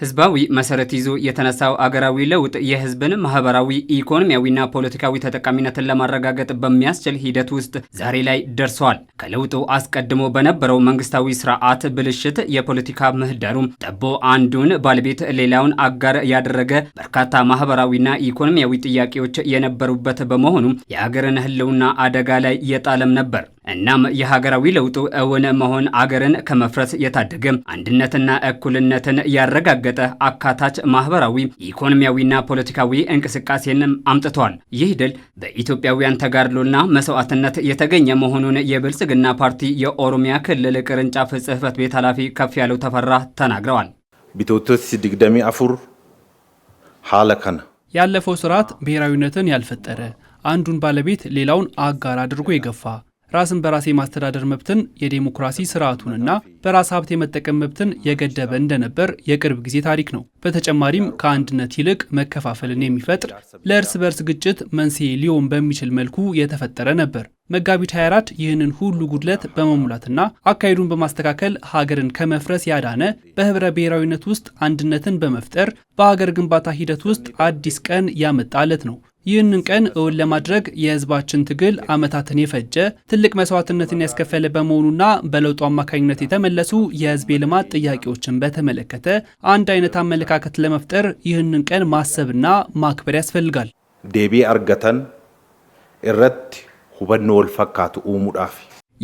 ህዝባዊ መሰረት ይዞ የተነሳው አገራዊ ለውጥ የህዝብን ማህበራዊ ኢኮኖሚያዊና ፖለቲካዊ ተጠቃሚነትን ለማረጋገጥ በሚያስችል ሂደት ውስጥ ዛሬ ላይ ደርሷል። ከለውጡ አስቀድሞ በነበረው መንግስታዊ ስርዓት ብልሽት የፖለቲካ ምህዳሩም ጠቦ አንዱን ባለቤት ሌላውን አጋር ያደረገ በርካታ ማህበራዊና ኢኮኖሚያዊ ጥያቄዎች የነበሩበት በመሆኑም የአገርን ህልውና አደጋ ላይ የጣለም ነበር። እናም የሀገራዊ ለውጡ እውን መሆን አገርን ከመፍረስ የታደገ አንድነትና እኩልነትን ያረጋገጠ አካታች ማህበራዊ፣ ኢኮኖሚያዊና ፖለቲካዊ እንቅስቃሴን አምጥተዋል። ይህ ድል በኢትዮጵያውያን ተጋድሎና መስዋዕትነት የተገኘ መሆኑን የብልጽግና ፓርቲ የኦሮሚያ ክልል ቅርንጫፍ ጽህፈት ቤት ኃላፊ ከፍ ያለው ተፈራ ተናግረዋል። ቢቶቶስ ድግደሚ አፉር ሀለከነ ያለፈው ስርዓት ብሔራዊነትን ያልፈጠረ አንዱን ባለቤት ሌላውን አጋር አድርጎ የገፋ ራስን በራስ የማስተዳደር መብትን፣ የዴሞክራሲ ስርዓቱንና በራስ ሀብት የመጠቀም መብትን የገደበ እንደነበር የቅርብ ጊዜ ታሪክ ነው። በተጨማሪም ከአንድነት ይልቅ መከፋፈልን የሚፈጥር ለእርስ በርስ ግጭት መንስኤ ሊሆን በሚችል መልኩ የተፈጠረ ነበር። መጋቢት 24 ይህንን ሁሉ ጉድለት በመሙላትና አካሄዱን በማስተካከል ሀገርን ከመፍረስ ያዳነ በህብረ ብሔራዊነት ውስጥ አንድነትን በመፍጠር በሀገር ግንባታ ሂደት ውስጥ አዲስ ቀን ያመጣለት ነው። ይህንን ቀን እውን ለማድረግ የህዝባችን ትግል ዓመታትን የፈጀ ትልቅ መስዋዕትነትን ያስከፈለ በመሆኑና በለውጡ አማካኝነት የተመለሱ የህዝብ የልማት ጥያቄዎችን በተመለከተ አንድ አይነት አመለካከት ለመፍጠር ይህንን ቀን ማሰብና ማክበር ያስፈልጋል። ዴቢ አርገተን እረት ሁበኖ ወልፈካቱ ሙዳፊ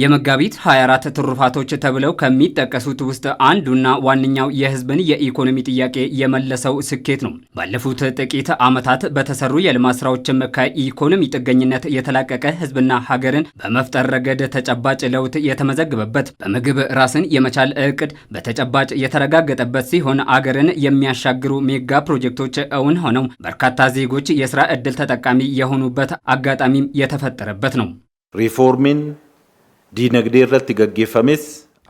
የመጋቢት 24 ትሩፋቶች ተብለው ከሚጠቀሱት ውስጥ አንዱና ዋነኛው የህዝብን የኢኮኖሚ ጥያቄ የመለሰው ስኬት ነው። ባለፉት ጥቂት ዓመታት በተሰሩ የልማት ስራዎችም ከኢኮኖሚ ጥገኝነት የተላቀቀ ህዝብና ሀገርን በመፍጠር ረገድ ተጨባጭ ለውጥ የተመዘገበበት፣ በምግብ ራስን የመቻል እቅድ በተጨባጭ የተረጋገጠበት ሲሆን አገርን የሚያሻግሩ ሜጋ ፕሮጀክቶች እውን ሆነው በርካታ ዜጎች የስራ ዕድል ተጠቃሚ የሆኑበት አጋጣሚም የተፈጠረበት ነው። ሪፎርሚን ዲነግዴ ረት ገጌፈሜስ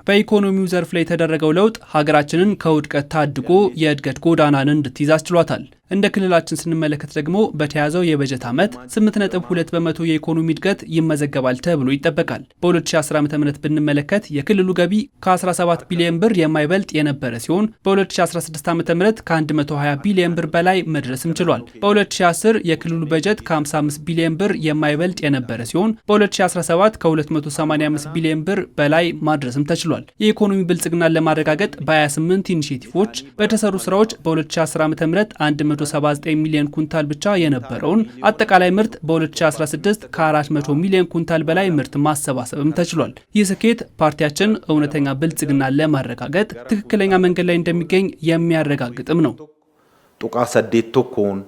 በኢኮኖሚው ዘርፍ ላይ የተደረገው ለውጥ ሀገራችንን ከውድቀት ታድጎ የእድገት ጎዳናን እንድትይዝ አስችሏታል። እንደ ክልላችን ስንመለከት ደግሞ በተያዘው የበጀት ዓመት 8.2 በመቶ የኢኮኖሚ እድገት ይመዘገባል ተብሎ ይጠበቃል። በ2010 ዓ ም ብንመለከት የክልሉ ገቢ ከ17 ቢሊዮን ብር የማይበልጥ የነበረ ሲሆን በ2016 ዓ ም ከ120 ቢሊዮን ብር በላይ መድረስም ችሏል። በ2010 የክልሉ በጀት ከ55 ቢሊዮን ብር የማይበልጥ የነበረ ሲሆን በ2017 ከ285 ቢሊዮን ብር በላይ ማድረስም ተችሏል። የኢኮኖሚ ብልጽግናን ለማረጋገጥ በ28 ኢኒሼቲቮች በተሰሩ ስራዎች በ2010 ዓ ም 179 ሚሊዮን ኩንታል ብቻ የነበረውን አጠቃላይ ምርት በ2016 ከ400 ሚሊዮን ኩንታል በላይ ምርት ማሰባሰብም ተችሏል። ይህ ስኬት ፓርቲያችን እውነተኛ ብልጽግና ለማረጋገጥ ትክክለኛ መንገድ ላይ እንደሚገኝ የሚያረጋግጥም ነው። ጡቃ ሰዴት ቶኮን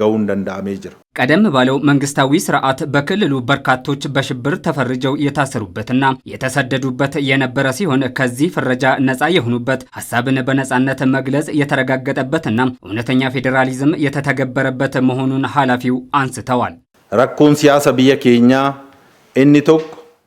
ገውን ደንዳሜ ጅራ ቀደም ባለው መንግስታዊ ስርዓት በክልሉ በርካቶች በሽብር ተፈርጀው የታሰሩበትና የተሰደዱበት የነበረ ሲሆን ከዚህ ፍረጃ ነፃ የሆኑበት ሀሳብን በነፃነት መግለጽ የተረጋገጠበትና እውነተኛ ፌዴራሊዝም የተተገበረበት መሆኑን ኃላፊው አንስተዋል። ረኩን ሲያሰ ብየ ኬኛ እኒ ቶክ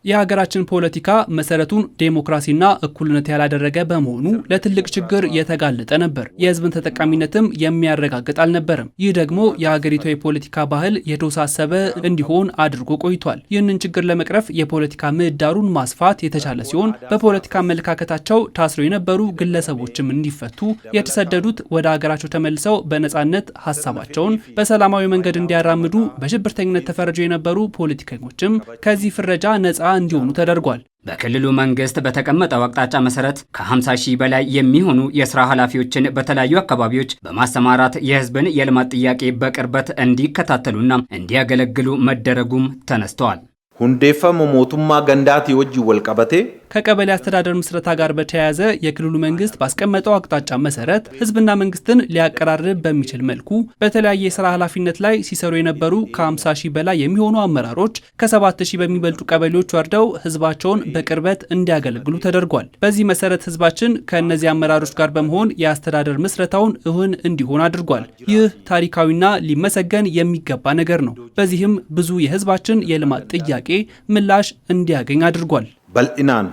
የሀገራችን ፖለቲካ መሰረቱን ዴሞክራሲና እኩልነት ያላደረገ በመሆኑ ለትልቅ ችግር የተጋለጠ ነበር። የህዝብን ተጠቃሚነትም የሚያረጋግጥ አልነበረም። ይህ ደግሞ የሀገሪቷ የፖለቲካ ባህል የተወሳሰበ እንዲሆን አድርጎ ቆይቷል። ይህንን ችግር ለመቅረፍ የፖለቲካ ምህዳሩን ማስፋት የተቻለ ሲሆን በፖለቲካ አመለካከታቸው ታስረው የነበሩ ግለሰቦችም እንዲፈቱ፣ የተሰደዱት ወደ ሀገራቸው ተመልሰው በነፃነት ሀሳባቸውን በሰላማዊ መንገድ እንዲያራምዱ፣ በሽብርተኝነት ተፈርጀው የነበሩ ፖለቲከኞችም ከዚህ ፍረጃ ነፃ እንዲሆኑ ተደርጓል። በክልሉ መንግስት በተቀመጠው አቅጣጫ መሰረት ከ50 ሺህ በላይ የሚሆኑ የስራ ኃላፊዎችን በተለያዩ አካባቢዎች በማሰማራት የህዝብን የልማት ጥያቄ በቅርበት እንዲከታተሉና እንዲያገለግሉ መደረጉም ተነስተዋል። ሁንዴፈ ሞቱማ ገንዳት የወጅ ወልቀበቴ ከቀበሌ አስተዳደር ምስረታ ጋር በተያያዘ የክልሉ መንግስት ባስቀመጠው አቅጣጫ መሰረት ህዝብና መንግስትን ሊያቀራርብ በሚችል መልኩ በተለያየ የስራ ኃላፊነት ላይ ሲሰሩ የነበሩ ከ50 ሺህ በላይ የሚሆኑ አመራሮች ከ7 ሺህ በሚበልጡ ቀበሌዎች ወርደው ህዝባቸውን በቅርበት እንዲያገለግሉ ተደርጓል። በዚህ መሰረት ህዝባችን ከእነዚህ አመራሮች ጋር በመሆን የአስተዳደር ምስረታውን እሁን እንዲሆን አድርጓል። ይህ ታሪካዊና ሊመሰገን የሚገባ ነገር ነው። በዚህም ብዙ የህዝባችን የልማት ጥያቄ ምላሽ እንዲያገኝ አድርጓል። በልኢናን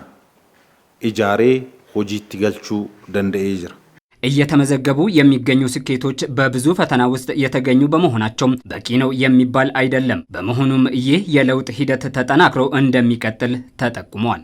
ኢጃሬ ሆጂ ትገልቹ ደንደኤ ጅራ እየተመዘገቡ የሚገኙ ስኬቶች በብዙ ፈተና ውስጥ የተገኙ በመሆናቸው በቂ ነው የሚባል አይደለም። በመሆኑም ይህ የለውጥ ሂደት ተጠናክሮ እንደሚቀጥል ተጠቁሟል።